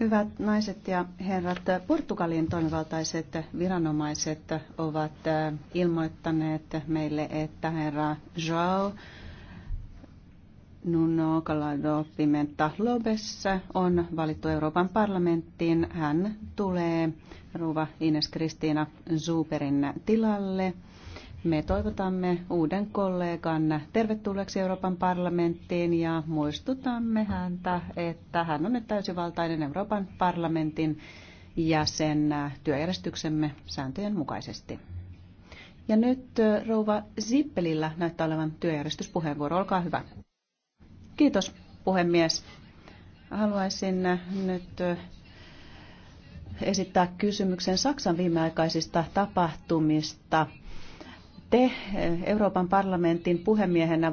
Hyvät naiset ja herrat, Portugalin toimivaltaiset viranomaiset ovat äh, ilmoittaneet meille, että herra João Nuno Calado Pimenta Lopes on valittu Euroopan parlamenttiin. Hän tulee Ruva Ines Kristiina Zuberin tilalle. Me toivotamme uuden kollegan tervetulleeksi Euroopan parlamenttiin ja muistutamme häntä, että hän on nyt täysivaltainen Euroopan parlamentin jäsen työjärjestyksemme sääntöjen mukaisesti. Ja nyt äh, rouva Zippelillä näyttää olevan työjärjestyspuheenvuoro. Olkaa hyvä. Kiitos puhemies. Haluaisin äh, nyt äh, esittää kysymyksen Saksan viimeaikaisista tapahtumista te Euroopan parlamentin puhemiehenä